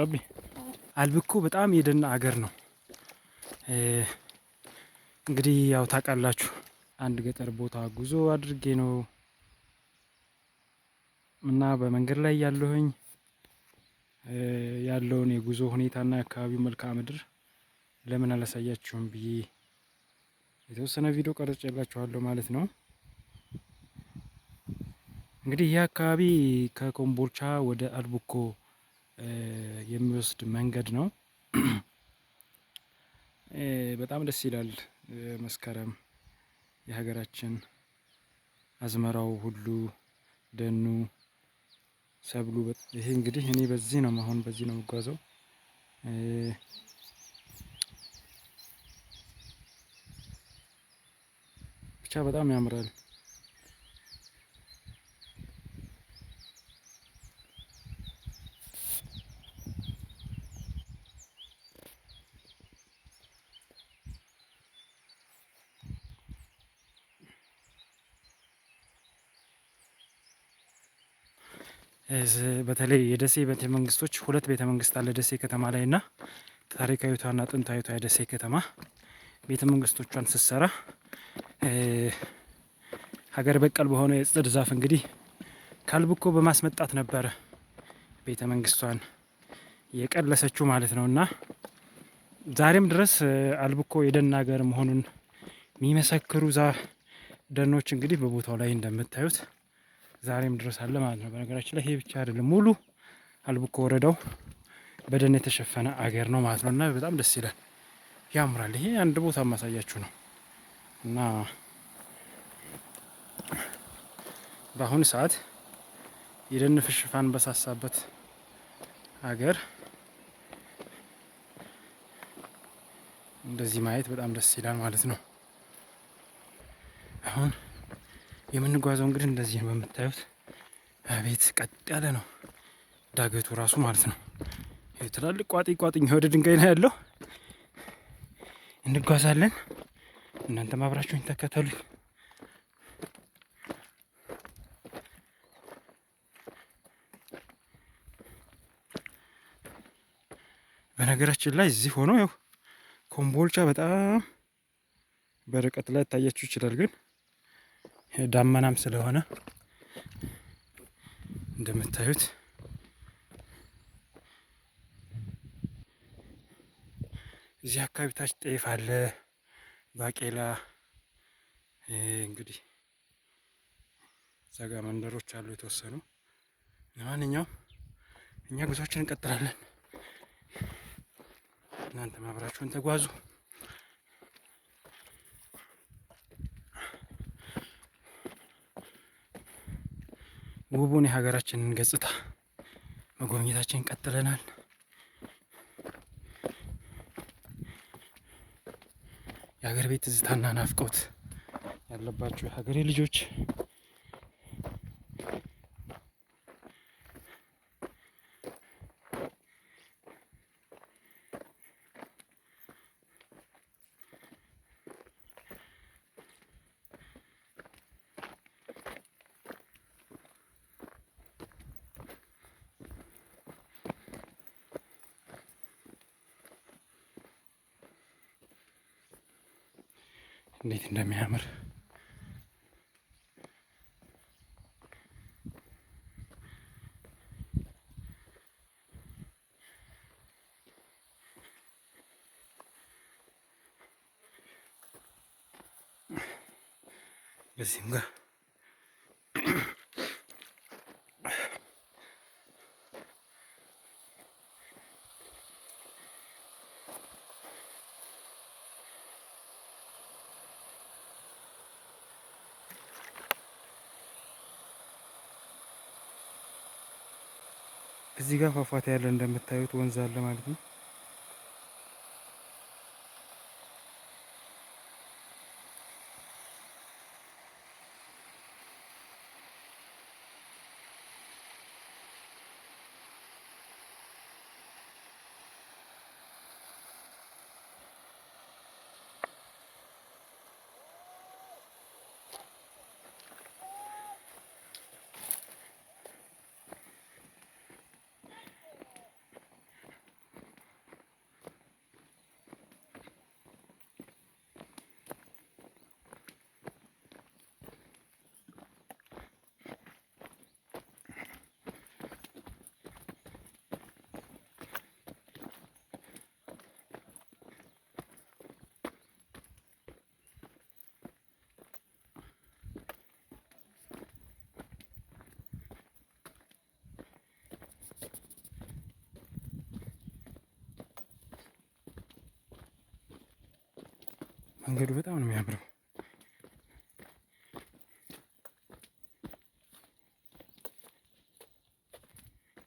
ባቢ አልብኮ በጣም የደና አገር ነው። እንግዲህ ያው ታውቃላችሁ አንድ ገጠር ቦታ ጉዞ አድርጌ ነው እና በመንገድ ላይ ያለሁኝ ያለውን የጉዞ ሁኔታና የአካባቢው መልክዓ ምድር ለምን አላሳያችሁም ብዬ የተወሰነ ቪዲዮ ቀርጬላችኋለሁ ማለት ነው። እንግዲህ ይህ አካባቢ ከኮምቦልቻ ወደ አልቡኮ የሚወስድ መንገድ ነው። በጣም ደስ ይላል። መስከረም የሀገራችን አዝመራው ሁሉ ደኑ፣ ሰብሉ ይሄ እንግዲህ እኔ በዚህ ነው አሁን በዚህ ነው የምጓዘው። ብቻ በጣም ያምራል። በተለይ የደሴ ቤተመንግስቶች ሁለት ቤተመንግስት አለ ደሴ ከተማ ላይ እና ታሪካዊቷና ጥንታዊቷ የደሴ ከተማ ቤተ መንግስቶቿን ስትሰራ ሀገር በቀል በሆነ የጽድ ዛፍ እንግዲህ ካልብኮ በማስመጣት ነበረ ቤተ መንግስቷን የቀለሰችው ማለት ነው። እና ዛሬም ድረስ አልብኮ የደን ሀገር መሆኑን የሚመሰክሩ ዛ ደኖች እንግዲህ በቦታው ላይ እንደምታዩት ዛሬም ድረስ አለ ማለት ነው። በነገራችን ላይ ይሄ ብቻ አይደለም፣ ሙሉ አልብኮ ወረዳው በደን የተሸፈነ አገር ነው ማለት ነው። እና በጣም ደስ ይላል፣ ያምራል። ይሄ አንድ ቦታ ማሳያችሁ ነው እና በአሁኑ ሰዓት የደን ሽፋን በሳሳበት አገር እንደዚህ ማየት በጣም ደስ ይላል ማለት ነው አሁን የምንጓዘው እንግዲህ እንደዚህ ነው የምታዩት። አቤት ቀጥ ያለ ነው ዳገቱ ራሱ ማለት ነው። ትላልቅ ቋጥኝ ቋጥኝ ወደ ድንጋይ ነው ያለው። እንጓዛለን። እናንተም ማብራችሁኝ ተከተሉኝ። በነገራችን ላይ እዚህ ሆኖ ያው ኮምቦልቻ በጣም በርቀት ላይ ታያችሁ ይችላል ግን ዳመናም ስለሆነ እንደምታዩት እዚህ አካባቢ ታች ጤፍ አለ፣ ባቄላ እንግዲህ ዛጋ መንደሮች አሉ የተወሰኑ። ለማንኛውም እኛ ጉዟችን እንቀጥላለን። እናንተም ማብራችሁን ተጓዙ። ውቡን የሀገራችንን ገጽታ መጎብኘታችን ቀጥለናል። የሀገር ቤት ትዝታና ናፍቆት ያለባችሁ የሀገሬ ልጆች እንዴት እንደሚያምር በዚህም ጋር እዚህ ጋር ፏፏቴ ያለ እንደምታዩት ወንዝ አለ ማለት ነው። መንገዱ በጣም ነው የሚያምረው።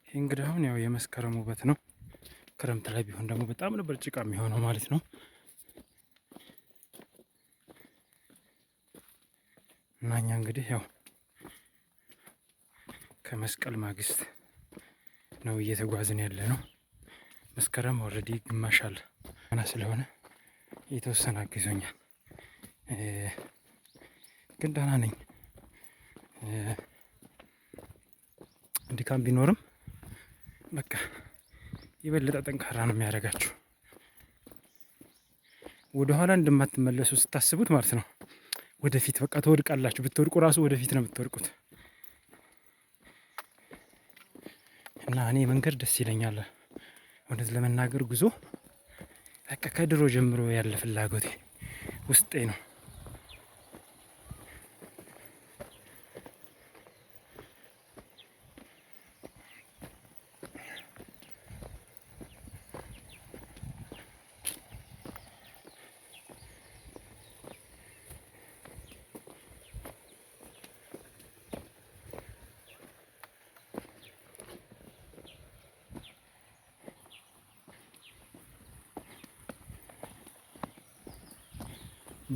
ይህ እንግዲህ አሁን ያው የመስከረም ውበት ነው። ክረምት ላይ ቢሆን ደግሞ በጣም ነበር ጭቃ የሚሆነው ማለት ነው። እና እኛ እንግዲህ ያው ከመስቀል ማግስት ነው እየተጓዝን ያለ ነው። መስከረም ኦልሬዲ ግማሽ አለ ገና ስለሆነ የተወሰነ አግዞኛል። ግን ደህና ነኝ። ድካም ቢኖርም በቃ የበለጠ ጠንካራ ነው የሚያደርጋችሁ። ወደኋላ እንደማትመለሱ ስታስቡት ማለት ነው። ወደፊት በቃ ትወድቃላችሁ። ብትወድቁ ራሱ ወደፊት ነው የምትወድቁት። እና እኔ መንገድ ደስ ይለኛል እውነት ለመናገር ጉዞ በቃ ከድሮ ጀምሮ ያለ ፍላጎቴ ውስጤ ነው።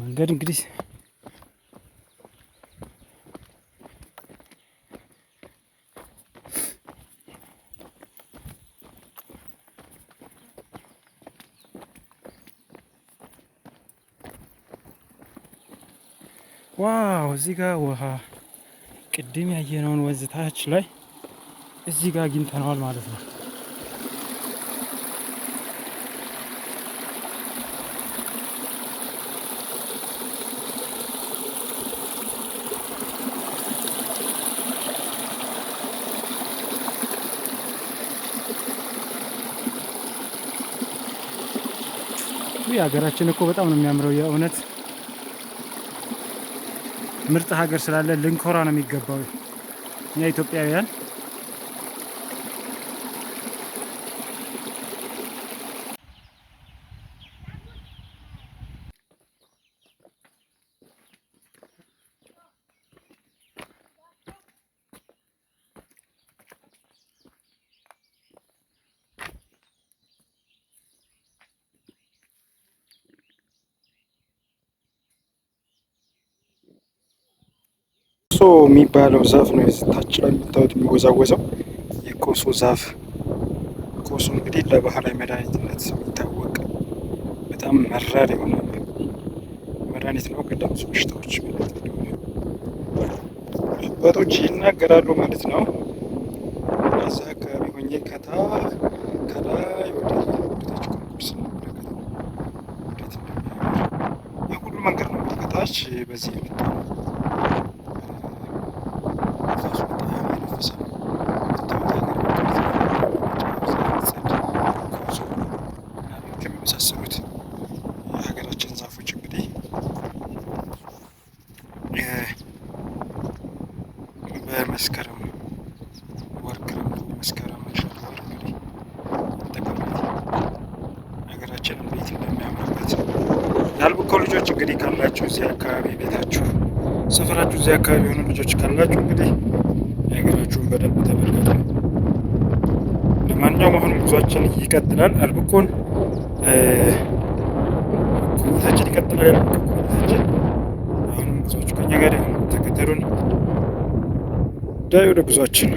መንገድ እንግዲህ ዋው እዚህ ጋር ውሃ ቅድም ያየነውን ወንዝ ታች ላይ እዚህ ጋር አግኝተነዋል ማለት ነው። ሀገራችን እኮ በጣም ነው የሚያምረው። የእውነት ምርጥ ሀገር ስላለ ልንኮራ ነው የሚገባው እኛ ኢትዮጵያውያን። የሚባለው ዛፍ ነው። ታች ላይ የምታዩት የሚወዛወዘው የኮሶ ዛፍ። ኮሶ እንግዲህ ለባህላዊ መድኃኒትነት የሚታወቅ በጣም መራር የሆነ መድኃኒት ነው፣ ከደም በሽታዎች ማለት ነው አባቶች ይናገራሉ ማለት ነው። እዚህ አካባቢ የሆኑ ልጆች ካላችሁ እንግዲህ የሀገራችሁን በደንብ ተመልከቱ። ለማንኛውም አሁን ጉዟችን ይቀጥላል። አልብኮን ጉዟችን ይቀጥላል። ያልኩት ጉዟችን አሁንም ጉዟችሁ ከኛ ጋር ተከተሉን። ዳይ ወደ ጉዟችን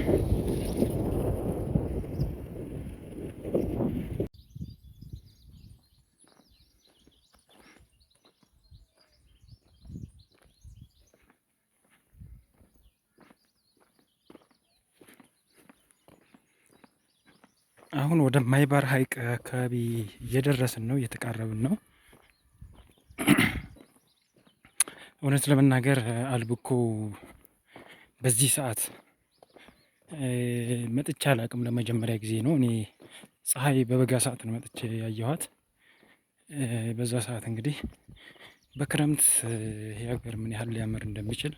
ወደ ማይባር ሀይቅ አካባቢ እየደረስን ነው፣ እየተቃረብን ነው። እውነት ለመናገር አልብኮ በዚህ ሰዓት መጥቼ አላቅም። ለመጀመሪያ ጊዜ ነው። እኔ ፀሐይ በበጋ ሰዓት ነው መጥቼ ያየኋት። በዛ ሰዓት እንግዲህ በክረምት የሀገር ምን ያህል ሊያምር እንደሚችል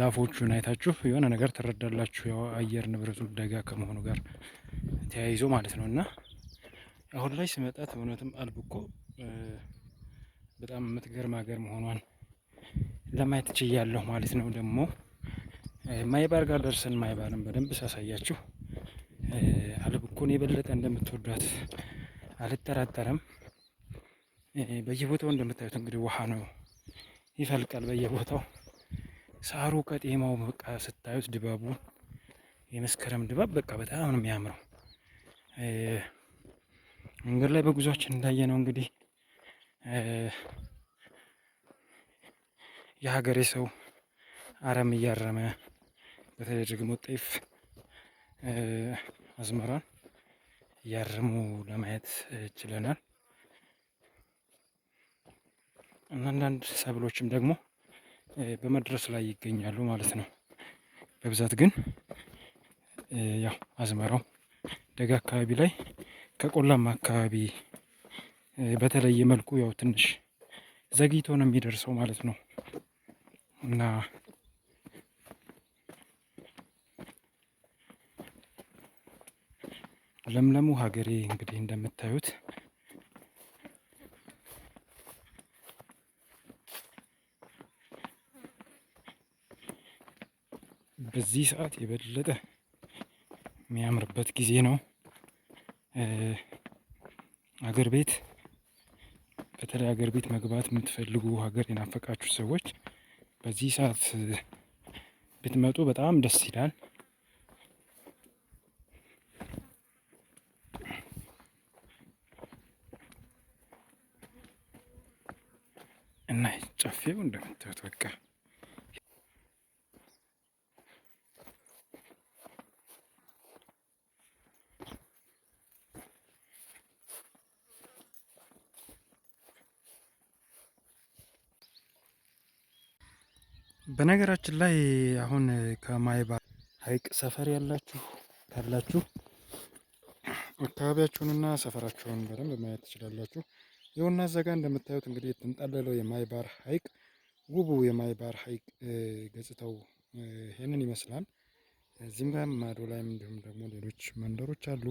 ዛፎቹን አይታችሁ የሆነ ነገር ትረዳላችሁ። ያው አየር ንብረቱ ደጋ ከመሆኑ ጋር ተያይዞ ማለት ነው እና አሁን ላይ ስመጣት እውነትም አልብኮ በጣም የምትገርም ሀገር መሆኗን ለማየት ችያለሁ ማለት ነው። ደግሞ ማይባር ጋር ደርሰን ማይባርን በደንብ ሳሳያችሁ አልብኮን የበለጠ እንደምትወዷት አልጠራጠረም። በየቦታው እንደምታዩት እንግዲህ ውሃ ነው ይፈልቃል በየቦታው ሳሩ ከጤማው በቃ ስታዩት ድባቡን የመስከረም ድባብ በቃ በጣም ነው የሚያምረው። መንገድ ላይ በጉዟችን እንዳየ ነው እንግዲህ የሀገሬ ሰው አረም እያረመ በተለይ ደግሞ ጤፍ አዝመራን እያረሙ ለማየት ችለናል። አንዳንድ ሰብሎችም ደግሞ በመድረስ ላይ ይገኛሉ ማለት ነው። በብዛት ግን ያው አዝመራው ደጋ አካባቢ ላይ ከቆላማ አካባቢ በተለየ መልኩ ያው ትንሽ ዘግይቶ ነው የሚደርሰው ማለት ነው እና ለምለሙ ሀገሬ እንግዲህ እንደምታዩት በዚህ ሰዓት የበለጠ የሚያምርበት ጊዜ ነው። አገር ቤት በተለይ አገር ቤት መግባት የምትፈልጉ ሀገር የናፈቃችሁ ሰዎች በዚህ ሰዓት ብትመጡ በጣም ደስ ይላል። እና ጨፌው እንደምታዩት በቃ በነገራችን ላይ አሁን ከማይባ ሀይቅ ሰፈር ያላችሁ ካላችሁ አካባቢያችሁንና ሰፈራችሁን በደንብ ማየት ትችላላችሁ። ይኸውና እዛ ጋ እንደምታዩት እንግዲህ የተንጣለለው የማይባር ሀይቅ ውቡ የማይባር ሀይቅ ገጽታው ይሄንን ይመስላል። እዚህም ጋር ማዶ ላይም እንዲሁም ደግሞ ሌሎች መንደሮች አሉ።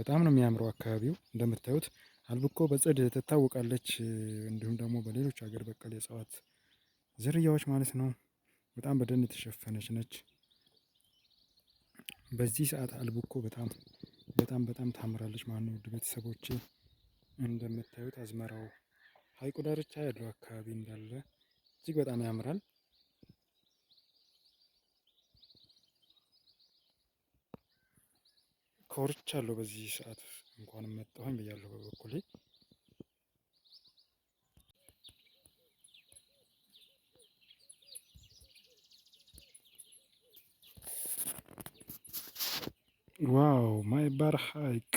በጣም ነው የሚያምረው አካባቢው እንደምታዩት አልብኮ በጽድ ትታወቃለች። እንዲሁም ደግሞ በሌሎች ሀገር በቀል የእጽዋት ዝርያዎች ማለት ነው። በጣም በደን የተሸፈነች ነች። በዚህ ሰዓት አልብኮ በጣም በጣም በጣም ታምራለች ማለት ነው። ውድ ቤተሰቦቼ እንደምታዩት አዝመራው ሀይቁ ዳርቻ ያለው አካባቢ እንዳለ እጅግ በጣም ያምራል። ኮርቻ አለው በዚህ ሰዓት እንኳንም መጣሁኝ ብያለሁ በበኩሌ። ዋው ማይ ባር ሐይቅ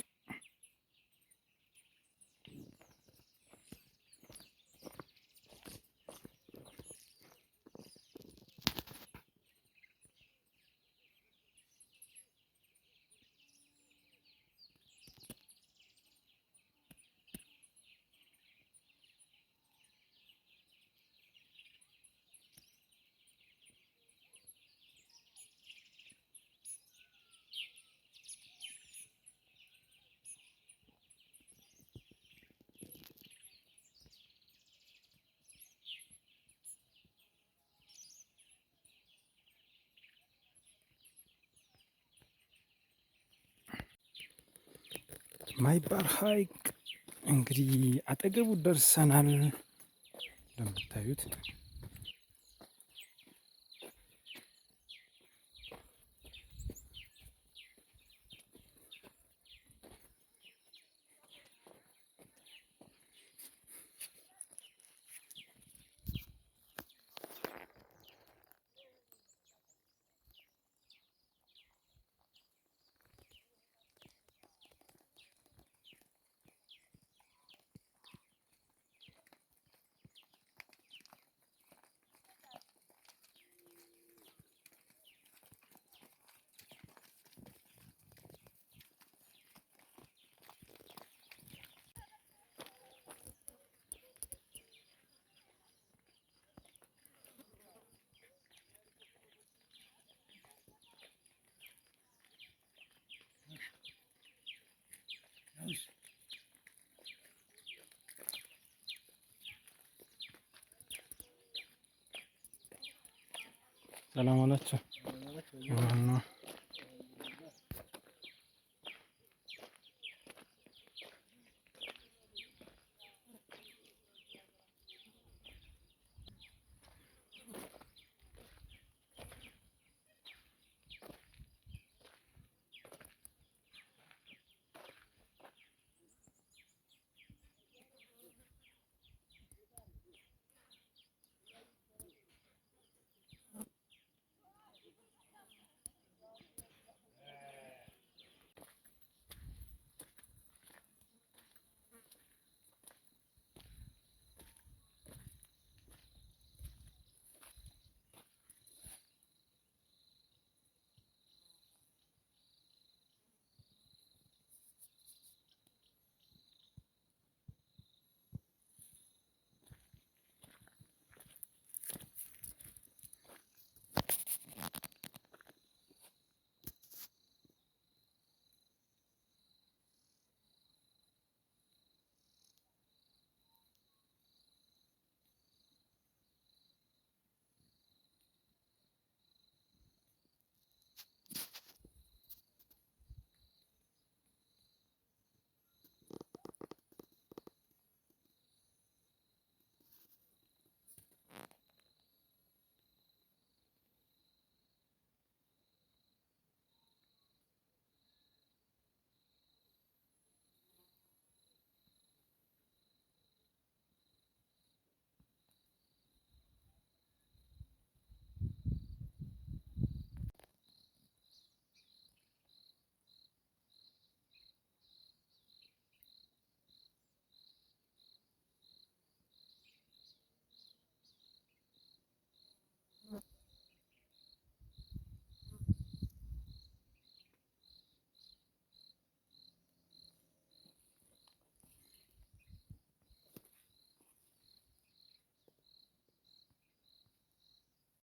ማይባር ሀይቅ እንግዲህ አጠገቡ ደርሰናል እንደምታዩት No. no.